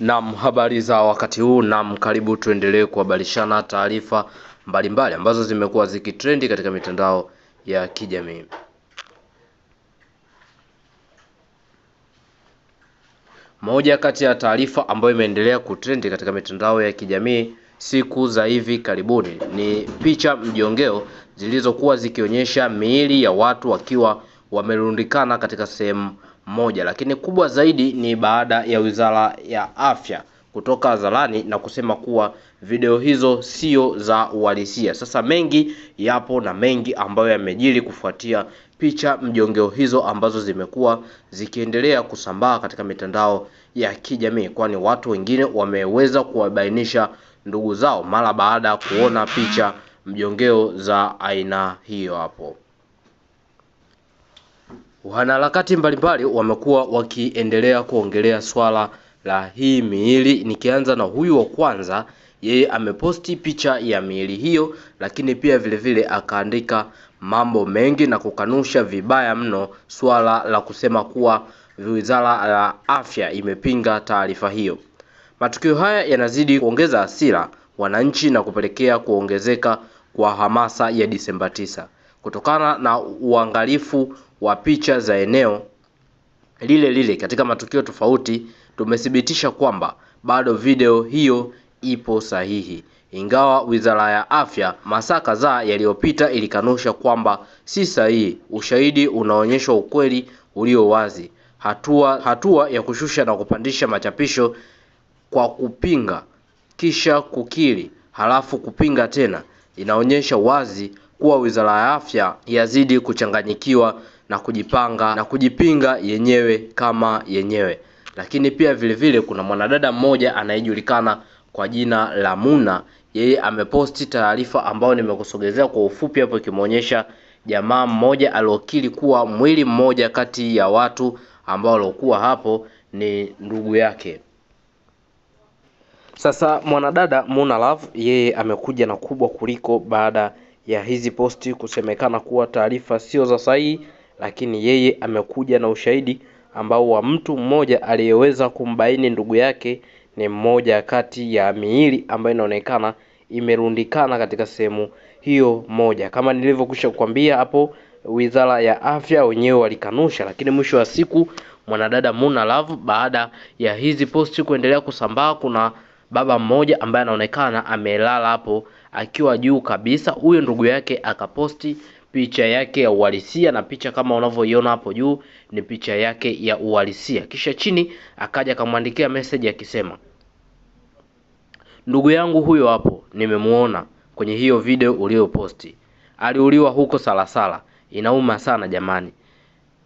Nam, habari za wakati huu. Nam, karibu tuendelee kuhabarishana taarifa mbalimbali ambazo zimekuwa zikitrendi katika mitandao ya kijamii. Moja kati ya taarifa ambayo imeendelea kutrendi katika mitandao ya kijamii siku za hivi karibuni ni picha mjongeo zilizokuwa zikionyesha miili ya watu wakiwa wamerundikana katika sehemu moja, lakini kubwa zaidi ni baada ya Wizara ya Afya kutoka hadharani na kusema kuwa video hizo sio za uhalisia. Sasa mengi yapo na mengi ambayo yamejiri kufuatia picha mjongeo hizo ambazo zimekuwa zikiendelea kusambaa katika mitandao ya kijamii, kwani watu wengine wameweza kuwabainisha ndugu zao mara baada ya kuona picha mjongeo za aina hiyo hapo. Wanaharakati mbalimbali wamekuwa wakiendelea kuongelea swala la hii miili, nikianza na huyu wa kwanza, yeye ameposti picha ya miili hiyo, lakini pia vile vile akaandika mambo mengi na kukanusha vibaya mno swala la kusema kuwa Wizara ya Afya imepinga taarifa hiyo. Matukio haya yanazidi kuongeza hasira wananchi na kupelekea kuongezeka kwa hamasa ya Disemba 9 kutokana na uangalifu wa picha za eneo lile lile katika matukio tofauti, tumethibitisha kwamba bado video hiyo ipo sahihi, ingawa Wizara ya Afya masaa kadhaa yaliyopita ilikanusha kwamba si sahihi. Ushahidi unaonyesha ukweli ulio wazi. Hatua, hatua ya kushusha na kupandisha machapisho kwa kupinga kisha kukiri halafu kupinga tena inaonyesha wazi kuwa Wizara ya Afya yazidi kuchanganyikiwa na kujipanga na kujipinga yenyewe kama yenyewe. Lakini pia vile vile kuna mwanadada mmoja anayejulikana kwa jina la Muna, yeye ameposti taarifa ambayo nimekusogezea kwa ufupi hapo, ikimwonyesha jamaa mmoja aliokiri kuwa mwili mmoja kati ya watu ambao waliokuwa hapo ni ndugu yake. Sasa mwanadada Muna Love yeye amekuja na kubwa kuliko baada ya hizi posti kusemekana kuwa taarifa sio za sahihi lakini yeye amekuja na ushahidi ambao wa mtu mmoja aliyeweza kumbaini ndugu yake ni mmoja kati ya miili ambayo inaonekana imerundikana katika sehemu hiyo moja. Kama nilivyokwisha kukwambia hapo, wizara ya afya wenyewe walikanusha, lakini mwisho wa siku mwanadada Muna Love, baada ya hizi posti kuendelea kusambaa, kuna baba mmoja ambaye anaonekana amelala hapo akiwa juu kabisa, huyo ndugu yake akaposti picha yake ya uhalisia, na picha kama unavyoiona hapo juu ni picha yake ya uhalisia. Kisha chini akaja akamwandikia message akisema, ndugu yangu huyo hapo nimemuona kwenye hiyo video uliyoposti, aliuliwa huko Salasala, inauma sana jamani,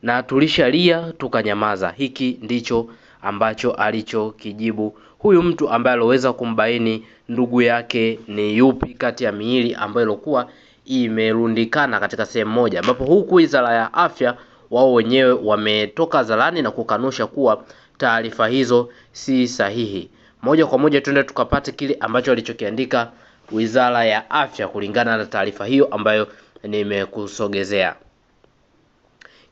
na tulishalia tukanyamaza. Hiki ndicho ambacho alichokijibu huyu mtu ambaye aliweza kumbaini ndugu yake ni yupi kati ya miili ambayo ilikuwa imerundikana katika sehemu moja, ambapo huku wizara ya afya wao wenyewe wametoka zalani na kukanusha kuwa taarifa hizo si sahihi. Moja kwa moja tuende tukapate kile ambacho walichokiandika wizara ya afya kulingana na taarifa hiyo ambayo nimekusogezea.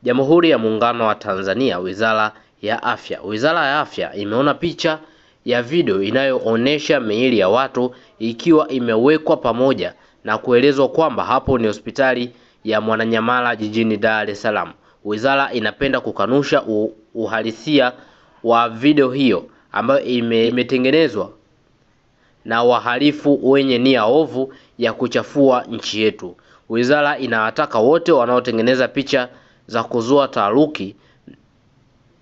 Jamhuri ya Muungano wa Tanzania, wizara ya afya. Wizara ya afya imeona picha ya video inayoonesha miili ya watu ikiwa imewekwa pamoja na kuelezwa kwamba hapo ni hospitali ya Mwananyamala jijini Dar es Salaam. Wizara inapenda kukanusha uhalisia wa video hiyo ambayo ime, imetengenezwa na wahalifu wenye nia ovu ya kuchafua nchi yetu. Wizara inawataka wote wanaotengeneza picha za kuzua taharuki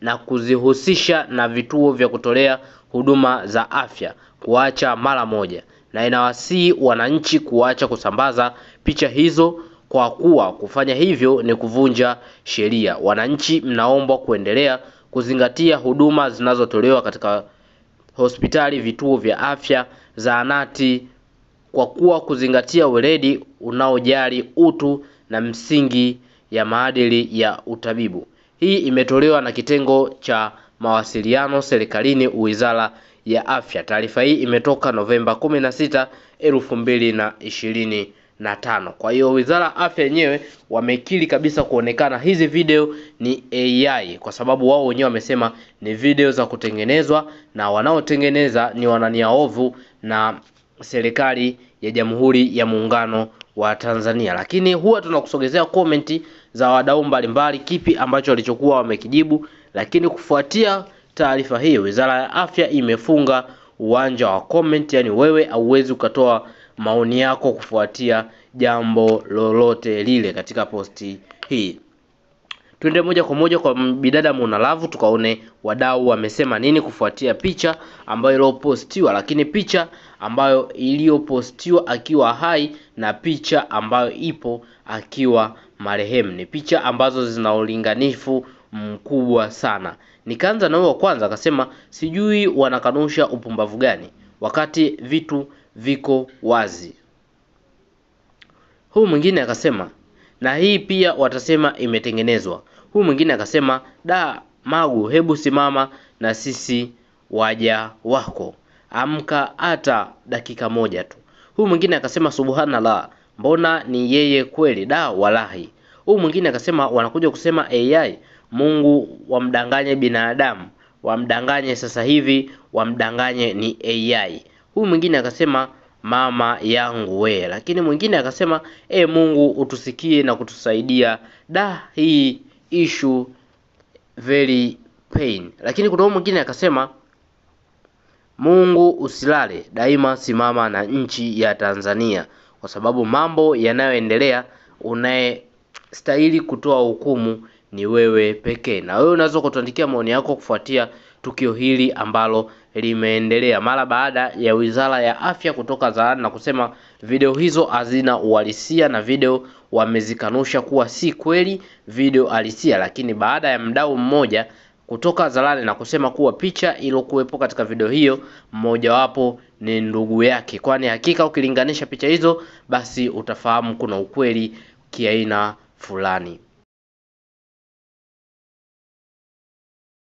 na kuzihusisha na vituo vya kutolea huduma za afya kuacha mara moja na inawasihi wananchi kuacha kusambaza picha hizo kwa kuwa kufanya hivyo ni kuvunja sheria. Wananchi mnaombwa kuendelea kuzingatia huduma zinazotolewa katika hospitali, vituo vya afya, zahanati kwa kuwa kuzingatia weledi unaojali utu na msingi ya maadili ya utabibu. Hii imetolewa na kitengo cha mawasiliano serikalini, wizara ya afya. Taarifa hii imetoka Novemba 16, 2025 Kwa hiyo wizara ya afya yenyewe wamekiri kabisa kuonekana hizi video ni AI, kwa sababu wao wenyewe wamesema ni video za kutengenezwa na wanaotengeneza ni wanania ovu na serikali ya Jamhuri ya Muungano wa Tanzania. Lakini huwa tunakusogezea komenti za wadau mbalimbali kipi ambacho walichokuwa wamekijibu, lakini kufuatia taarifa hiyo, Wizara ya Afya imefunga uwanja wa comment, yani wewe hauwezi ukatoa maoni yako kufuatia jambo lolote lile katika posti hii. tuende moja kwa moja kwa bidada Mona Love tukaone wadau wamesema nini kufuatia picha ambayo iliyopostiwa, lakini picha ambayo iliyopostiwa akiwa hai na picha ambayo ipo akiwa marehemu. Ni picha ambazo zina ulinganifu mkubwa sana. Nikaanza na huyo wa kwanza akasema, sijui wanakanusha upumbavu gani wakati vitu viko wazi. Huyu mwingine akasema, na hii pia watasema imetengenezwa. Huyu mwingine akasema, da Magu, hebu simama na sisi waja wako, amka hata dakika moja tu. Huyu mwingine akasema, subhanallah, mbona ni yeye kweli, da walahi. Huyu mwingine akasema wanakuja kusema AI Mungu wamdanganye binadamu, wamdanganye sasa hivi, wamdanganye ni AI. Huyu mwingine akasema mama yangu we, lakini mwingine akasema e, Mungu utusikie na kutusaidia. Da, hii issue very pain. Lakini kuna mwingine akasema Mungu usilale daima, simama na nchi ya Tanzania, kwa sababu mambo yanayoendelea unaye stahili kutoa hukumu ni wewe pekee, na wewe unaweza kutuandikia maoni yako kufuatia tukio hili ambalo limeendelea mara baada ya Wizara ya Afya kutoka zaani na kusema video hizo hazina uhalisia na video wamezikanusha kuwa si kweli video halisia, lakini baada ya mdau mmoja kutoka zalani na kusema kuwa picha iliyokuwepo katika video hiyo mmojawapo ni ndugu yake, kwani hakika ukilinganisha picha hizo basi utafahamu kuna ukweli kiaina 富拉尼。